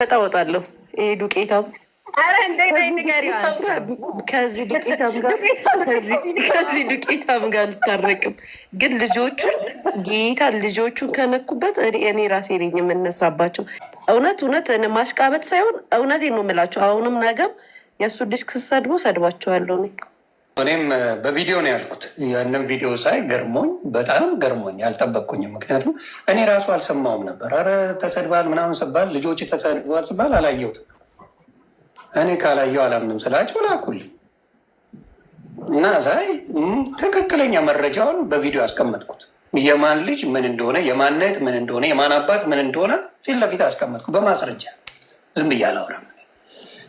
በጣወጣለሁ ይሄ ዱቄታም ከዚህ ዱቄታም ጋር ከዚህ ዱቄታም ጋር አልታረቅም። ግን ልጆቹ ጌታ ልጆቹ ከነኩበት እኔ ራሴ ነኝ የምነሳባቸው። እውነት እውነት ማሽቃበጥ ሳይሆን እውነቴን ነው የምላቸው። አሁንም ነገም የእሱ ልጅ ስሰድቦ ሰድባቸዋለሁ እኔ እኔም በቪዲዮ ነው ያልኩት። ያንን ቪዲዮ ሳይ ገርሞኝ በጣም ገርሞኝ አልጠበቅኩኝም። ምክንያቱም እኔ ራሱ አልሰማውም ነበር። አረ ተሰድባል ምናምን ስባል ልጆች ተሰድባል ስባል አላየሁትም። እኔ ካላየው አላምንም ስላቸው ላኩልኝ እና ሳይ ትክክለኛ መረጃውን በቪዲዮ አስቀመጥኩት። የማን ልጅ ምን እንደሆነ፣ የማን እህት ምን እንደሆነ፣ የማን አባት ምን እንደሆነ ፊት ለፊት አስቀመጥኩት በማስረጃ ዝም ብዬ አላወራም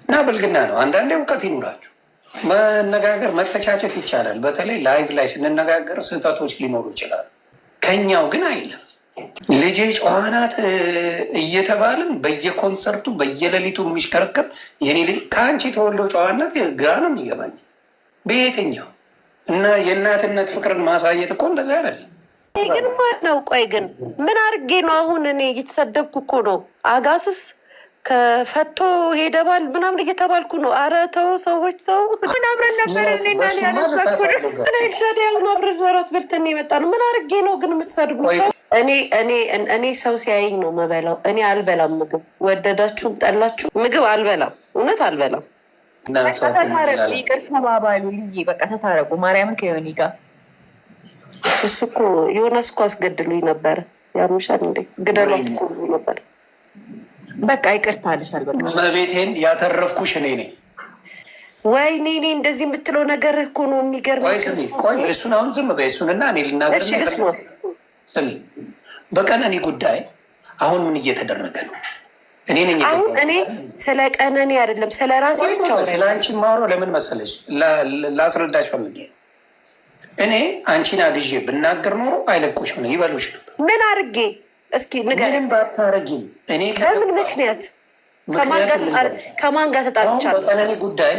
እና ብልግና ነው። አንዳንዴ እውቀት ይኑራችሁ መነጋገር መተቻቸት ይቻላል። በተለይ ላይቭ ላይ ስንነጋገር ስህተቶች ሊኖሩ ይችላሉ። ከኛው ግን አይልም። ልጄ ጨዋ ናት እየተባልን በየኮንሰርቱ በየሌሊቱ የሚሽከረከር የኔ ከአንቺ ተወልደው ጨዋነት ግራ ነው የሚገባኝ በየትኛው እና የእናትነት ፍቅርን ማሳየት እኮ እንደዚ አይደለም። ግን ማነው? ቆይ ግን ምን አድርጌ ነው አሁን እኔ እየተሰደብኩ እኮ ነው አጋስስ ከፈቶ ሄደባል ምናምን እየተባልኩ ነው። ኧረ ተው ሰዎች ተው። ምን አብረን ነበረ ናልሻዳ ያሁን አብረን ራት በልተን የመጣ ነው። ምን አድርጌ ነው ግን የምትሰድጉ? እኔ እኔ እኔ ሰው ሲያየኝ ነው መበላው። እኔ አልበላም ምግብ፣ ወደዳችሁም ጠላችሁ ምግብ አልበላም። እውነት አልበላም። ተታረቁ፣ ይቅር ተባባሉ። ልዬ በቃ ተታረቁ። ማርያምን ከሆኒ ጋር እሱ እኮ የሆነ እስኮ አስገድሉኝ ነበረ። ያምሻል እንዴ ግደሏት እኮ ነበር በቃ ይቅርታ አልሻል። በቃ እመቤቴን ያተረፍኩሽ እኔ ነኝ። ወይኔ እኔ እንደዚህ የምትለው ነገር እኮ ነው የሚገርም። እሱን አሁን ዝም በይ እሱንና እኔ ልናገር ስሚ፣ በቀነኒ ጉዳይ አሁን ምን እየተደረገ ነው? እኔ ነኝ አሁን እኔ ስለ ቀነኔ አይደለም ስለ ራሴ ብቻ ስለ አንቺ ማሮ ለምን መሰለሽ ላስረዳሽ ፈልጌ እኔ አንቺን አግዤ ብናገር ኖሮ አይለቁሽ ይበሉሽ ነበር። ምን አድርጌ እስኪ ንገረኝ። ባታረጊም እኔ በምን ምክንያት ከማን ጋር ተጣልቻለሁ? በጠለኔ ጉዳይ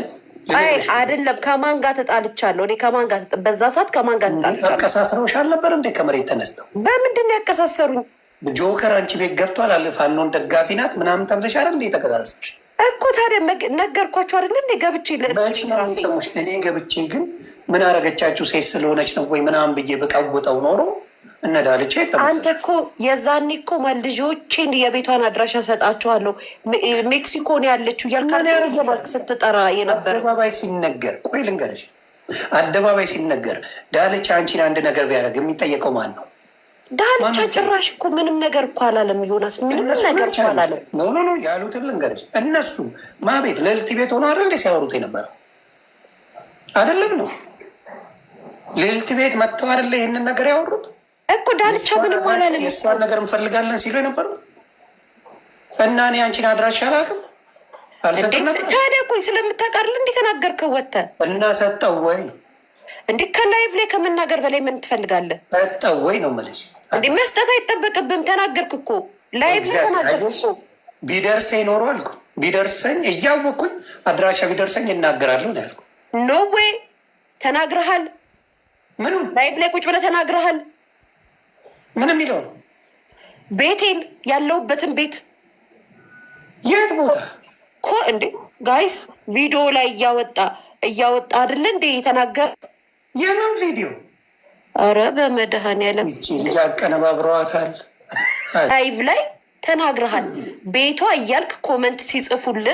አይደለም። ከማን ጋር ተጣልቻለሁ? እኔ ከማን ጋር በዛ ሰዓት ከማን ጋር ተጣልቻለሁ? ያቀሳስረውሽ አልነበር እንዴ? ከመሬት ተነስተው በምንድን ነው ያቀሳሰሩኝ? ጆከር አንቺ ቤት ገብቷል አለ ፋኖን ደጋፊ ናት ምናምን ተብለሽ አይደል እንዴ? ተቀሳሰች እኮ ታዲያ ነገርኳቸው አይደለ እንዴ? ገብቼ ለእኔ ገብቼ ግን ምን አረገቻችሁ ሴት ስለሆነች ነው ወይ ምናምን ብዬ ብቀውጠው ኖሮ እነዳልቼ አንተ እኮ የዛኔ እኮ ልጆቼን የቤቷን አድራሻ ሰጣችኋለሁ ሜክሲኮን ያለችው ያልካርክ ስትጠራ የነበር አደባባይ ሲነገር፣ ቆይ ልንገርሽ፣ አደባባይ ሲነገር ዳልቻ አንቺን አንድ ነገር ቢያደርግ የሚጠየቀው ማን ነው? ዳልቻ ጭራሽ እኮ ምንም ነገር እኮ አላለም። ዮናስ ምንም ነገር እኮ አላለም። ኖ ኖ ኖ ያሉትን ልንገርሽ፣ እነሱ ማቤት ቤት ቤት ሆነ አይደል ሲያወሩት የነበረው አይደለም ነው ልልቲ ቤት መጥተው አይደለ ይህንን ነገር ያወሩት እኮ ዳልቻ ምንም አላለም። እሷን ነገር እንፈልጋለን ሲሉ የነበሩ እና እኔ አንቺን አድራሻ አላውቅም አልሰጥም ነበር። ታዲያ ቆይ ስለምታውቃርል እንዴ ተናገርከው? ወጥተህ እና ሰጠው ወይ እንዴ? ከላይቭ ላይ ከመናገር በላይ ምን ትፈልጋለህ? ሰጠው ወይ ነው የምልሽ። እንዴ መስጠት አይጠበቅብም። ተናገርክ እኮ ላይቭ ላይ ተናገርክ እኮ። ቢደርሰኝ ኖሮ አልኩ ቢደርሰኝ እያወቅኩኝ አድራሻ ቢደርሰኝ እናገራለሁ ያልኩ። ኖ ወይ ተናግረሃል። ምኑ ላይቭ ላይ ቁጭ ብለህ ተናግረሃል። ምን የሚለው ነው? ቤቴን ያለውበትን ቤት የት ቦታ ኮ እንዴ ጋይስ ቪዲዮ ላይ እያወጣ እያወጣ አይደለ እንዴ የተናገር የምን ቪዲዮ? አረ በመድኃኒዓለም ያቀነባብረዋታል። ላይቭ ላይ ተናግረሃል። ቤቷ እያልክ ኮመንት ሲጽፉል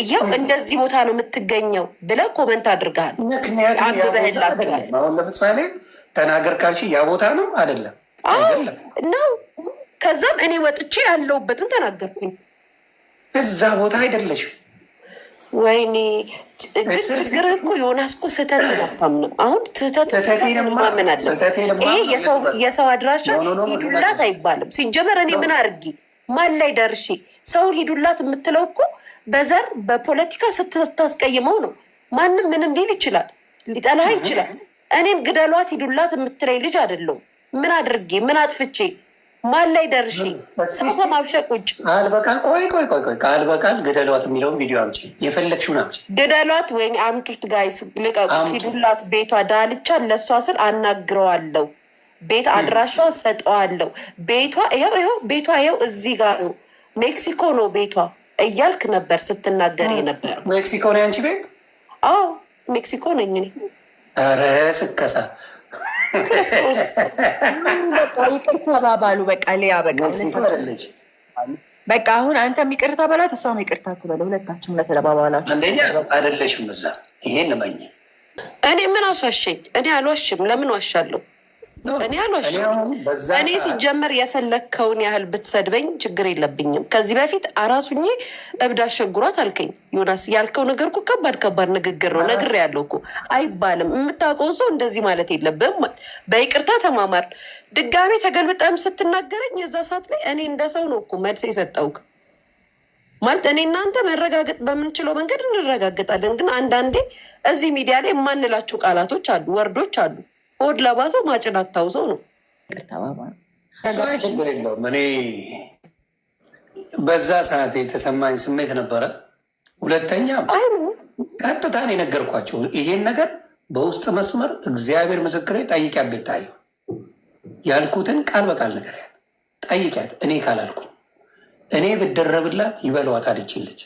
እያው እንደዚህ ቦታ ነው የምትገኘው ብለህ ኮመንት አድርገሃል። ምክንያቱም አሁን ለምሳሌ ተናገር ካልሽ ያ ቦታ ነው አይደለም ነው። ከዛም እኔ ወጥቼ ያለውበትን ተናገርኩኝ። እዛ ቦታ አይደለሽ። ወይኔ ችግር እኮ ዮናስ እኮ ስህተት ላፓም ነው። አሁን ስህተት አለ። ይሄ የሰው አድራሻ ሂዱላት አይባልም። ሲጀመር እኔ ምን አድርጊ ማን ላይ ደርሺ? ሰውን ሂዱላት የምትለው እኮ በዘር በፖለቲካ ስታስቀይመው ነው። ማንም ምንም ሊል ይችላል፣ ሊጠላህ ይችላል። እኔም ግደሏት ሂዱላት የምትለኝ ልጅ አይደለሁም። ምን አድርጌ ምን አጥፍቼ ማን ላይ ደርሼ ከማብሸቅ ውጭ ቃል በቃል ቆይ ቆይ ቆይ ቆይ ቃል በቃል ግደሏት የሚለውን ቪዲዮ አምጪ፣ የፈለግሽውን አምጪ። ግደሏት ወይ አምጡት፣ ጋይስ ልቀቁት፣ ሂዱላት። ቤቷ ዳልቻ ለእሷ ስል አናግረዋለሁ፣ ቤት አድራሿ ሰጠዋለሁ። ቤቷ ይኸው ይኸው ቤቷ ይኸው እዚህ ጋር ነው፣ ሜክሲኮ ነው ቤቷ እያልክ ነበር ስትናገር የነበረው። ሜክሲኮ ነው ያንቺ ቤት? አዎ ሜክሲኮ ነኝ እኔ። ኧረ ስከሳ ክርስቶስ በቃ ይቅር ተባባሉ። በቃ ሊያ በቃ አሁን አንተም ይቅር ተበላት እሷም ይቅርታ ትበለ። ሁለታችሁም ለተለባባላችሁ አንደኛ አይደለሽም እዛ ይሄን እመኝ። እኔ ምን አስዋሸኝ? እኔ አልዋሽም። ለምን ዋሻለሁ? እኔ አሏሽ እኔ ሲጀመር የፈለግከውን ያህል ብትሰድበኝ ችግር የለብኝም። ከዚህ በፊት አራሱኜ እብድ አሸጉሯት አልከኝ። ዮናስ ያልከው ነገር እኮ ከባድ ከባድ ንግግር ነው። ነግር ያለው እኮ አይባልም። የምታውቀውን ሰው እንደዚህ ማለት የለብህም። በይቅርታ ተማማር። ድጋሜ ተገልብጠም ስትናገረኝ የዛ ሰዓት ላይ እኔ እንደ ሰው ነው እኮ መልስ የሰጠውክ ማለት እኔ እናንተ መረጋገጥ በምንችለው መንገድ እንረጋገጣለን። ግን አንዳንዴ እዚህ ሚዲያ ላይ የማንላቸው ቃላቶች አሉ፣ ወርዶች አሉ ሆድ ሰው ማጭን አታውሰው ነው። ችግር የለውም። እኔ በዛ ሰዓት የተሰማኝ ስሜት ነበረ። ሁለተኛ ቀጥታ ነው የነገርኳቸው ይሄን ነገር በውስጥ መስመር እግዚአብሔር ምስክር ጠይቂያ ቤታየሁ ያልኩትን ቃል በቃል ያ ጠይቂያት። እኔ ካላልኩ እኔ ብደረብላት ይበሏት አድችለች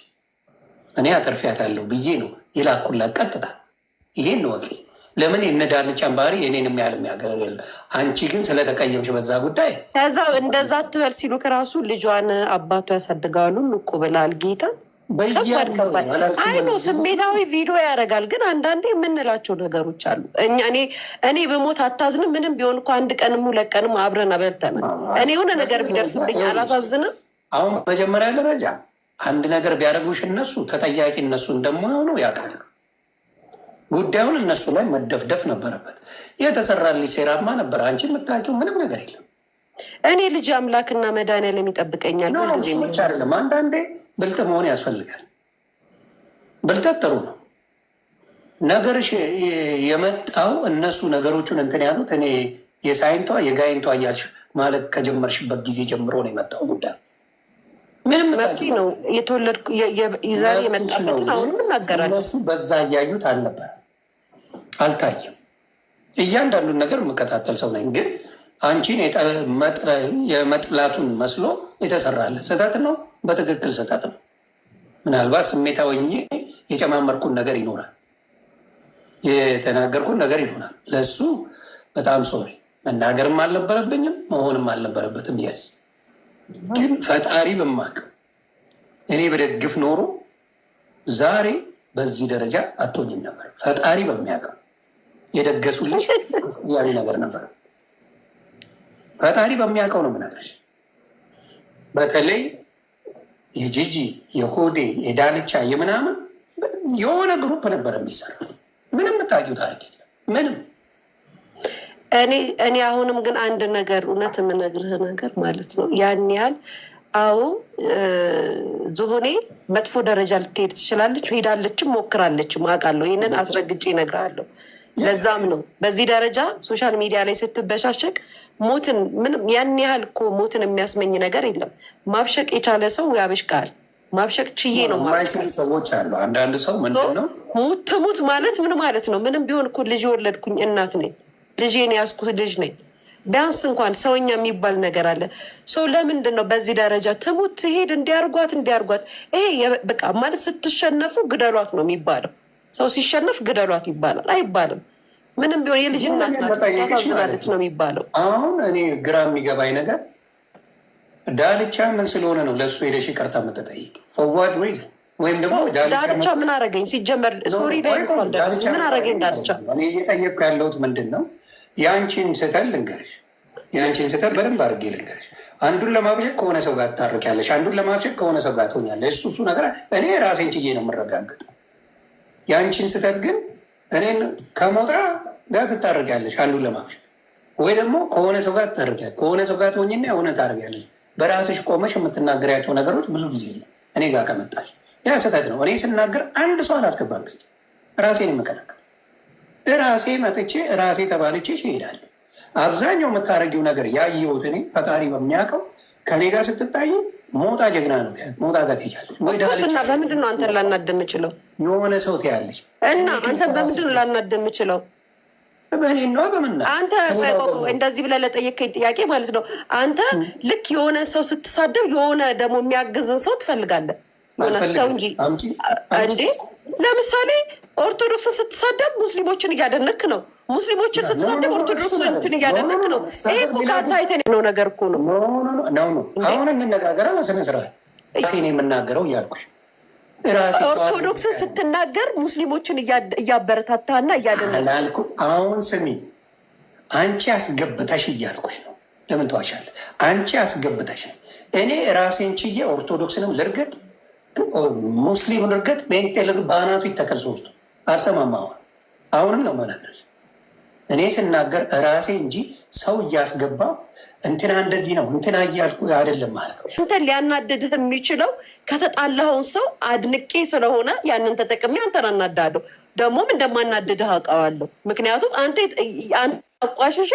እኔ ያለው ብዬ ነው የላኩላት። ቀጥታ ይሄን ወቂ ለምን የነዳልጫን ባህሪ የኔን የሚያህል የሚያገር አንቺ ግን ስለተቀየምሽ በዛ ጉዳይ ከዛ እንደዛ ትበል ሲሉ ከራሱ ልጇን አባቱ ያሳድጋሉ ልቁ ብላል ጌታ በያአይኖ ስሜታዊ ቪዲዮ ያደርጋል። ግን አንዳንዴ የምንላቸው ነገሮች አሉ። እኛ እኔ እኔ በሞት አታዝንም ምንም ቢሆን እኮ አንድ ቀንም ሁለት ቀንም አብረን አበልተናል። እኔ የሆነ ነገር ቢደርስብኝ አላሳዝንም። አሁን መጀመሪያ ደረጃ አንድ ነገር ቢያደርጉሽ እነሱ ተጠያቂ እነሱ እንደማይሆኑ ያውቃሉ። ጉዳዩን እነሱ ላይ መደፍደፍ ነበረበት። የተሰራልኝ ሴራማ ነበር። አንቺ የምታውቂው ምንም ነገር የለም። እኔ ልጅ አምላክና መድኃኒዓለም ይጠብቀኛል። አይደለም አንዳንዴ ብልጥ መሆን ያስፈልጋል። ብልጠት ጥሩ ነው። ነገር የመጣው እነሱ ነገሮቹን እንትን ያሉት እኔ የሳይንቷ የጋይንቷ እያልሽ ማለት ከጀመርሽበት ጊዜ ጀምሮ ነው የመጣው ጉዳይ ምንም ነው የተወለድኩ ይዛ የመጣበትን አሁንም እናገራለን። እነሱ በዛ እያዩት አልነበረ አልታየም እያንዳንዱን ነገር የምከታተል ሰው ነኝ። ግን አንቺን የመጥላቱን መስሎ የተሰራለ ስህተት ነው፣ በትክክል ስህተት ነው። ምናልባት ስሜታዊ የጨማመርኩን ነገር ይኖራል፣ የተናገርኩን ነገር ይኖራል። ለእሱ በጣም ሶሪ። መናገርም አልነበረብኝም መሆንም አልነበረበትም። የስ ግን ፈጣሪ በማቅ እኔ በደግፍ ኖሮ ዛሬ በዚህ ደረጃ አትሆኝም ነበር። ፈጣሪ በሚያውቀው የደገሱልሽ ያኔ ነገር ነበር። ፈጣሪ በሚያውቀው ነው ምናለሽ። በተለይ የጂጂ የሆዴ የዳንቻ የምናምን የሆነ ግሩፕ ነበር የሚሰራ ምንም የምታውቂው ታሪክ የለም ምንም እኔ አሁንም ግን አንድ ነገር እውነት የምነግርህ ነገር ማለት ነው ያን ያህል አዎ ዝሆኔ መጥፎ ደረጃ ልትሄድ ትችላለች ሄዳለችም ሞክራለችም አውቃለሁ ይህንን አስረግጬ እነግርሃለሁ ለዛም ነው በዚህ ደረጃ ሶሻል ሚዲያ ላይ ስትበሻሸቅ ሞትን ምንም ያን ያህል እኮ ሞትን የሚያስመኝ ነገር የለም። ማብሸቅ የቻለ ሰው ያበሽቃል። ማብሸቅ ችዬ ነው ሰዎች አሉ። አንዳንድ ሰው ምንድን ነው ሙት ትሙት ማለት ምን ማለት ነው? ምንም ቢሆን እኮ ልጅ የወለድኩኝ እናት ነኝ። ልጄን ያስኩት ልጅ ነኝ። ቢያንስ እንኳን ሰውኛ የሚባል ነገር አለ። ሰው ለምንድን ነው በዚህ ደረጃ ትሙት ትሄድ፣ እንዲያርጓት እንዲያርጓት። ይሄ በቃ ማለት ስትሸነፉ ግደሏት ነው የሚባለው። ሰው ሲሸነፍ ግደሏት ይባላል አይባልም? ምንም ቢሆን የልጅ ታሳዝናለች ነው የሚባለው። አሁን እኔ ግራ የሚገባኝ ነገር ዳልቻ ምን ስለሆነ ነው ለእሱ ሄደሽ ይቅርታ የምትጠይቅ? ፎዋድ ሪዝ ወይም ደግሞ ዳልቻ ምን አረገኝ? ሲጀመር ሶሪ ላይ ምን አረገኝ ዳልቻ? እኔ እየጠየቅኩ ያለሁት ምንድን ነው የአንቺን ስተል ልንገርሽ፣ የአንቺን ስተል በደንብ አድርጌ ልንገርሽ። አንዱን ለማብሸቅ ከሆነ ሰው ጋር ትታርቂያለሽ፣ አንዱን ለማብሸቅ ከሆነ ሰው ጋር ትሆኛለሽ። እሱ እሱ ነገር እኔ ራሴን ችዬ ነው የምረጋገጠው። የአንቺን ስተት ግን እኔን ከሞጣ ጋር ትታረቂያለሽ፣ አንዱን ለማክሸፍ ወይ ደግሞ ከሆነ ሰው ጋር ትታረቂያለሽ። ከሆነ ሰው ጋር ትሆኝና የሆነ ታረቂያለሽ። በራስሽ ቆመሽ የምትናገሪያቸው ነገሮች ብዙ ጊዜ የለም። እኔ ጋር ከመጣሽ ያ ስህተት ነው። እኔ ስናገር አንድ ሰው አላስገባም። ራሴን የምከለከል ራሴ መጥቼ ራሴ ተባልቼ እሄዳለሁ። አብዛኛው የምታረጊው ነገር ያየሁት እኔ ፈጣሪ በሚያውቀው ከኔ ጋር ስትታይ ሞጣ ጀግና ነው ሞጣ ጋር ትችላለች። በምንድን ነው አንተን ላናደም ችለው የሆነ ሰው ትያለች እና አንተን በምንድን ነው ላናደም ችለው አንተ እንደዚህ ብለህ ለጠየቀኝ ጥያቄ ማለት ነው። አንተ ልክ የሆነ ሰው ስትሳደብ የሆነ ደግሞ የሚያግዝን ሰው ትፈልጋለህ። ሆነስተው እንጂ እንዴ፣ ለምሳሌ ኦርቶዶክስን ስትሳደብ ሙስሊሞችን እያደነክ ነው። ሙስሊሞችን ስትሳደብ ኦርቶዶክሶችን እያደነክ ነው። ይሄ እኮ ከአንተ አይተን ነው ነገር እኮ ነው። ነው አሁን እንነጋገረ በስነ ስርዓት ሴኔ የምናገረው እያልኩሽ ኦርቶዶክስን ስትናገር ሙስሊሞችን እያበረታታና እያደነ አልኩህ። አሁን ስሚ፣ አንቺ አስገብተሽ እያልኩሽ ነው። ለምን ተዋሻለ? አንቺ አስገብተሽ ነው። እኔ ራሴን ችዬ ኦርቶዶክስንም ልርገጥ፣ ሙስሊምን ልርገጥ፣ ቤንቴል በአናቱ ይተከል ሶስቱ አልሰማማው። አሁንም ነው ማለት እኔ ስናገር ራሴ እንጂ ሰው እያስገባው እንትና እንደዚህ ነው እንትና እያልኩ አይደለም ማለት ነው። እንትን ሊያናድድህ የሚችለው ከተጣላኸውን ሰው አድንቄ ስለሆነ ያንን ተጠቅሜ አንተን አናዳለሁ። ደግሞም እንደማናድድህ አውቀዋለሁ። ምክንያቱም አንተ አቋሸሽ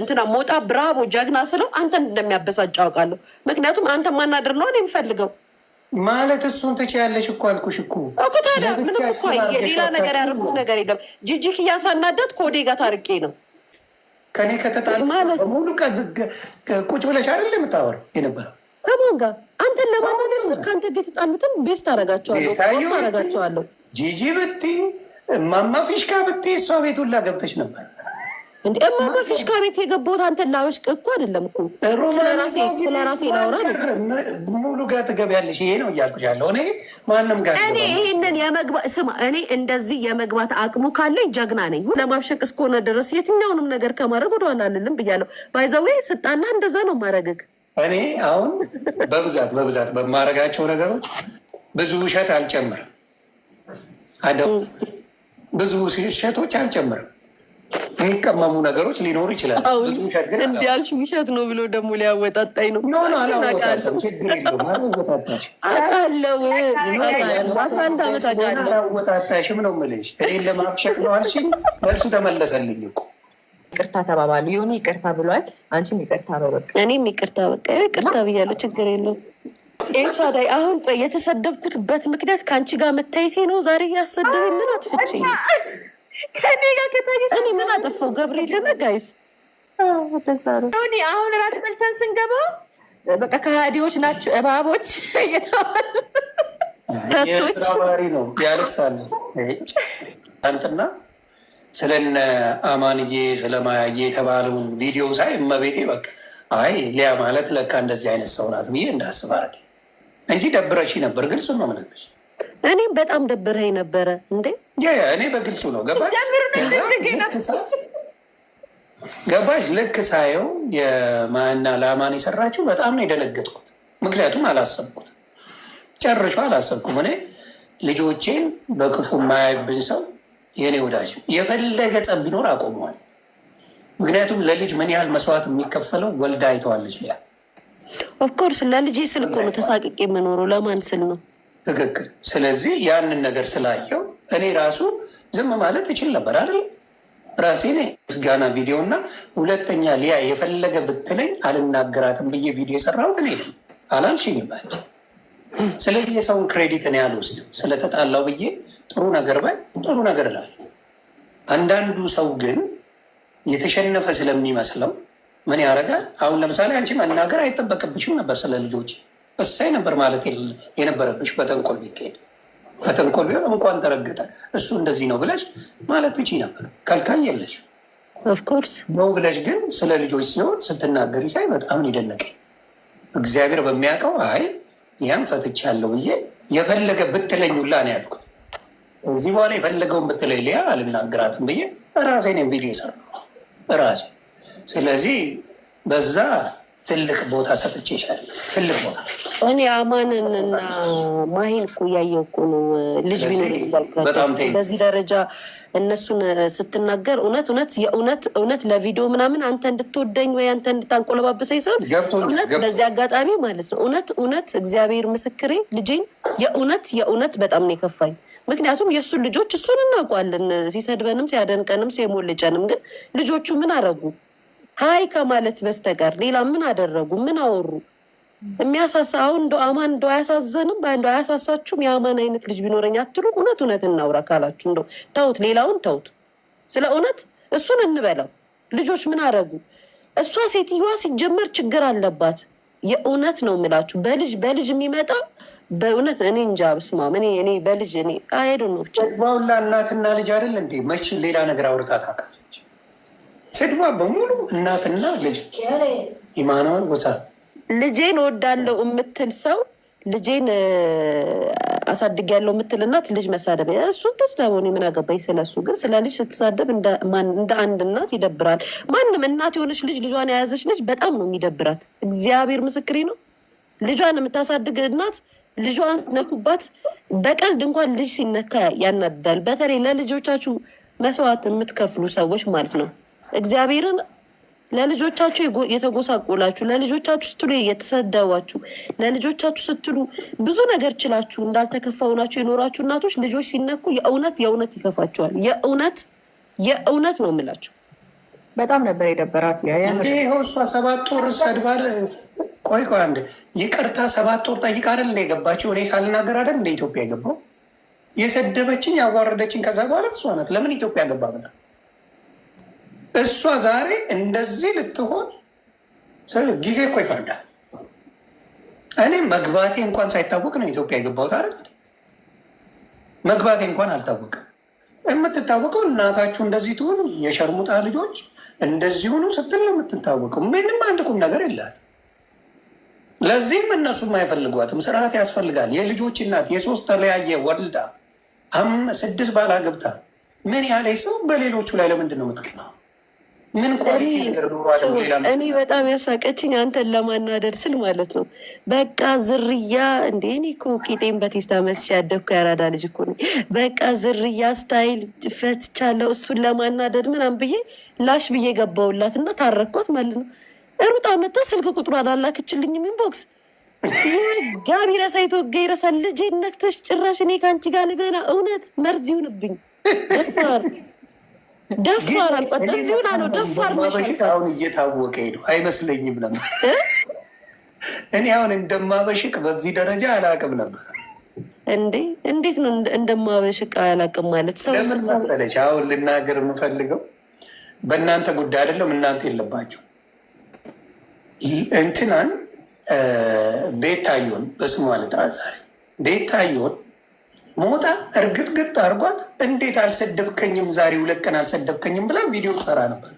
እንትና ሞጣ ብራቦ ጀግና ስለው አንተን እንደሚያበሳጭ አውቃለሁ። ምክንያቱም አንተ ማናድር ነዋን የምፈልገው ማለት እሱን ትችያለሽ እኮ አልኩሽ እኮ እኮ ታዲያ ምንም እኮ ሌላ ነገር ያደርጉት ነገር የለም። ጅጅክ እያሳናደት ከወዴ ጋር ታርቄ ነው ከኔ ከተጣለ ሙሉ ቁጭ ብለሽ አይደል የምታወር የነበረ ከማን ጋር አንተን ለማሳደር ስር ከአንተ ጋር የተጣሉትን ቤስት አረጋቸዋለሁ አረጋቸዋለሁ ጂጂ ብቲ ማማ ፊሽካ ብቲ እሷ ቤት ሁላ ገብተሽ ነበር። እንደ እማማ ፊሽካ ቤት የገባሁት አንተ ላበሽቅ እኮ አይደለም እኮ ስለ ራሴ ላውራ ሙሉ ጋር ትገቢያለሽ። ይሄ ነው እያልኩ ያለው እኔ ማንም ጋር እኔ ይህንን የመግባት ስማ፣ እኔ እንደዚህ የመግባት አቅሙ ካለኝ ጀግና ነኝ። ለማብሸቅ እስከሆነ ድረስ የትኛውንም ነገር ከማድረግ ወደኋላ አልልም ብያለሁ። ባይዘዌ ስጣና እንደዛ ነው ማረግግ እኔ አሁን በብዛት በብዛት በማረጋቸው ነገሮች ብዙ ውሸት አልጨምርም። አደ ብዙ ውሸቶች አልጨምርም። የሚቀመሙ ነገሮች ሊኖሩ ይችላል። እንዲህ ውሸት ነው ብሎ ደግሞ ሊያወጣጣኝ ነው። ችግር ነው የምልሽ። እኔን ለማብሸቅ ነው አልሽኝ። መልሱ ተመለሰልኝ እኮ ይቅርታ ተባባሉ። የሆነ ይቅርታ ብሏል። አንቺም ይቅርታ ነው በቃ እኔም ይቅርታ በቃ ይቅርታ ብያለሁ። ችግር የለው። ኤልሳዳይ አሁን የተሰደብኩትበት ምክንያት ከአንቺ ጋር መታየቴ ነው። ዛሬ እያሰደበኝ ምን አትፍቼ ከኔ ጋር ከታየሽ እኔ ምን አጠፋው? ገብርኤል ለመጋይስ እኔ አሁን ራት በልተን ስንገባ በቃ ከሃዲዎች ናቸው እባቦች እየተባለ ነው ያለቅሳል። ትናንትና ስለነ አማንዬ ስለማያዬ የተባለውን ቪዲዮ ሳይ እመቤቴ በቃ አይ ሊያ ማለት ለካ እንደዚህ አይነት ሰው ናት ብዬ እንዳስብ አደረገኝ እንጂ ደብረሽ ነበር። ግልጹ ነው የምነግርሽ እኔም በጣም ደብረኝ ነበረ እንዴ። እኔ በግልጹ ነው ገባሽ ልክ ሳየው የማና ለማን የሰራችው በጣም ነው የደነገጥኩት። ምክንያቱም አላሰብኩት ጨርሾ አላሰብኩም። እኔ ልጆቼን በክፉ የማያብኝ ሰው የኔ ወዳጅ የፈለገ ጸብ ቢኖር አቆመዋል። ምክንያቱም ለልጅ ምን ያህል መስዋዕት የሚከፈለው ወልዳ አይተዋለች። ሊያ ኦፍኮርስ ለልጄ ስል እኮ ነው ተሳቅቄ የምኖረው። ለማን ስል ነው ትክክል። ስለዚህ ያንን ነገር ስላየው እኔ ራሱ ዝም ማለት እችል ነበር አይደል? ነ ምስጋና ቪዲዮ እና ሁለተኛ ሊያ የፈለገ ብትለኝ አልናገራትም ብዬ ቪዲዮ የሰራሁት እኔ ነኝ። አላልሽኝም አንቺ። ስለዚህ የሰውን ክሬዲት እኔ አልወስድም። ስለተጣላው ብዬ ጥሩ ነገር ባይ ጥሩ ነገር እላለሁ። አንዳንዱ ሰው ግን የተሸነፈ ስለሚመስለው ምን ያደርጋል? አሁን ለምሳሌ አንቺ መናገር አይጠበቅብሽም ነበር ስለ ልጆች እሰይ ነበር ማለት የነበረብሽ በተንኮል ቢካሄድ በተንኮል ቢሆን እንኳን ተረገጠ እሱ እንደዚህ ነው ብለሽ ማለት ትቺ ነበር። ከልካይ የለሽ ኦፍኮርስ ነው ብለሽ ግን ስለ ልጆች ሲሆን ስትናገሪ ሳይ በጣም ይደነቀኝ። እግዚአብሔር በሚያውቀው አይ ያን ፈትቻ ያለው ብዬ የፈለገ ብትለኝ ሁላ ነው ያልኩት። እዚህ በኋላ የፈለገውን ብትለኝ ሊያ አልናገራትም ብዬ ነው ቪዲዮ የሰራሁ ራሴ። ስለዚህ በዛ ትልቅ ቦታ ሰጥቼ ይሻል ትልቅ ቦታ እኔ አማንንና ማሂን እኮ እያየሁ እኮ ነው። ልጅ ቢኖር በዚህ ደረጃ እነሱን ስትናገር እውነት እውነት የእውነት እውነት ለቪዲዮ ምናምን አንተ እንድትወደኝ ወይ አንተ እንድታንቆለባበሰኝ ሰው እውነት፣ በዚህ አጋጣሚ ማለት ነው እውነት እውነት፣ እግዚአብሔር ምስክሬ ልጄን የእውነት የእውነት በጣም ነው የከፋኝ። ምክንያቱም የእሱን ልጆች እሱን እናውቋለን፣ ሲሰድበንም ሲያደንቀንም ሲሞልጨንም። ግን ልጆቹ ምን አረጉ? ሀይ ከማለት በስተቀር ሌላ ምን አደረጉ? ምን አወሩ? የሚያሳሳ አሁን እንደ አማን እንደ አያሳዘንም እንደ አያሳሳችሁም የአማን አይነት ልጅ ቢኖረኝ አትሉ? እውነት እውነት እናውራ ካላችሁ እንደው ተውት፣ ሌላውን ተውት። ስለ እውነት እሱን እንበለው። ልጆች ምን አረጉ? እሷ ሴትዮዋ ሲጀመር ችግር አለባት። የእውነት ነው የምላችሁ። በልጅ በልጅ የሚመጣ በእውነት እኔ እንጃ። ብስማ እኔ እኔ በልጅ እኔ አይዶ ነው ስድባውላ እናትና ልጅ አይደል እንዴ? መቼ ሌላ ነገር አውርታ ታውቃለች? ስድባ በሙሉ እናትና ልጅ ኢማናን ወሳል ልጄን ወዳለው የምትል ሰው ልጄን አሳድግ ያለው የምትል እናት ልጅ መሳደብ እሱን ተስደበው ምን አገባኝ ስለሱ። ግን ስለ ልጅ ስትሳደብ እንደ አንድ እናት ይደብራል። ማንም እናት የሆነች ልጅ ልጇን የያዘች ልጅ በጣም ነው የሚደብራት። እግዚአብሔር ምስክሬ ነው። ልጇን የምታሳድግ እናት ልጇን ነኩባት፣ በቀልድ እንኳን ልጅ ሲነካ ያናድዳል። በተለይ ለልጆቻችሁ መስዋዕት የምትከፍሉ ሰዎች ማለት ነው እግዚአብሔርን ለልጆቻችሁ የተጎሳቆላችሁ፣ ለልጆቻችሁ ስትሉ እየተሰደባችሁ ለልጆቻችሁ ስትሉ ብዙ ነገር ችላችሁ እንዳልተከፋ ሆናችሁ የኖራችሁ እናቶች ልጆች ሲነኩ የእውነት የእውነት ይከፋቸዋል። የእውነት የእውነት ነው የምላችሁ። በጣም ነበር የደበራት እንዴ። ይኸው እሷ ሰባት ወር ሰድባል። ቆይ ቆይ አንድ ይቅርታ፣ ሰባት ወር ጠይቃ አይደል እንደ የገባችው? እኔ ሳልናገር አይደል እንደ ኢትዮጵያ የገባው? የሰደበችኝ ያዋረደችኝ፣ ከዛ በኋላ እሷ ናት። ለምን ኢትዮጵያ ገባ ብላ እሷ ዛሬ እንደዚህ ልትሆን ጊዜ እኮ ይፈርዳል። እኔ መግባቴ እንኳን ሳይታወቅ ነው ኢትዮጵያ የገባሁት አይደል? መግባቴ እንኳን አልታወቅም። የምትታወቀው እናታችሁ እንደዚህ ትሆኑ የሸርሙጣ ልጆች እንደዚህ ሆኑ ስትል ነው የምትታወቀው። ምንም አንድ ቁም ነገር የላት። ለዚህም እነሱም አይፈልጓትም። ስርዓት ያስፈልጋል። የልጆች እናት የሶስት ተለያየ ወልዳ ስድስት ባላ ገብታ ምን ያለ ሰው በሌሎቹ ላይ ለምንድን ነው የምትቀናው? ምን ኳሊቲ ነገር እኔ በጣም ያሳቀችኝ አንተን ለማናደር ስል ማለት ነው። በቃ ዝርያ እንዴ እኔ እኮ ቂጤን በቴስታ መስ ያደግኩ ያራዳ ልጅ እኮ ነኝ። በቃ ዝርያ ስታይል ፈትቻለሁ እሱን ለማናደድ ምናምን ብዬ ላሽ ብዬ ገባውላት እና ታረኳት ማለት ነው። ሩጣ መጣ ስልክ ቁጥሩ አላላክችልኝም ኢንቦክስ ጋቢ ረሳ የተወጋ ይረሳል። ልጄን ነክተሽ ጭራሽ እኔ ከአንቺ ጋር ልበና እውነት መርዝ ይሁንብኝ ፋር ደፋር አልኳት። እዚሁ ነው ደፋር ነሽ አሁን እየታወቀ ሄዱ አይመስለኝም ነበር እኔ አሁን እንደማበሽቅ በዚህ ደረጃ አላቅም ነበር። እንዴ እንዴት ነው እንደማበሽቅ አላቅም ማለት ሰው መሰለሽ። አሁን ልናገር የምፈልገው በእናንተ ጉዳይ አይደለም፣ እናንተ የለባችሁ እንትናን ቤታዮን በስሟ ልጥራት ዛሬ ቤታዮን ሞታ እርግጥግጥ አድርጓት እንዴት አልሰደብከኝም ዛሬ ሁለት ቀን አልሰደብከኝም ብላ ቪዲዮ ሰራ ነበር።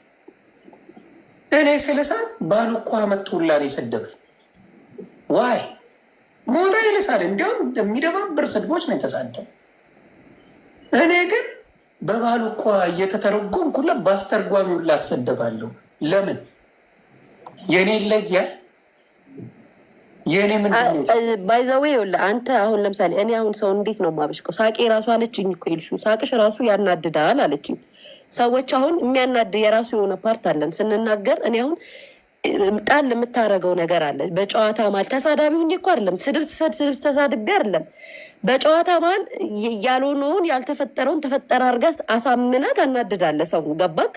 እኔ ስልሳት ባሉ እኮ አመጡላ ነው የሰደበኝ። ዋይ ሞታ ይልሳል። እንዲያውም የሚደባብር ስድቦች ነው የተሳደበ። እኔ ግን በባሉ እኳ እየተተረጎምኩላ በአስተርጓሚው አሰደባለሁ። ለምን የኔ ለያል ይህኔ ባይዘዌ ይኸውልህ፣ አንተ አሁን ለምሳሌ እኔ አሁን ሰው እንዴት ነው የማበሽቀው? ሳቄ ራሱ አለችኝ እኮ የልሽው ሳቅሽ ራሱ ያናድዳል አለችኝ። ሰዎች አሁን የሚያናድ የራሱ የሆነ ፓርት አለን ስንናገር፣ እኔ አሁን ጣል የምታደርገው ነገር አለ በጨዋታ መሀል። ተሳዳቢ ሁኜ እኮ አይደለም ስድብ ስድብ ተሳድቤ አይደለም። በጨዋታ መሀል ያልሆነውን ያልተፈጠረውን ተፈጠረ አድርጋት አሳምናት አናድዳለ ሰው ገባክ?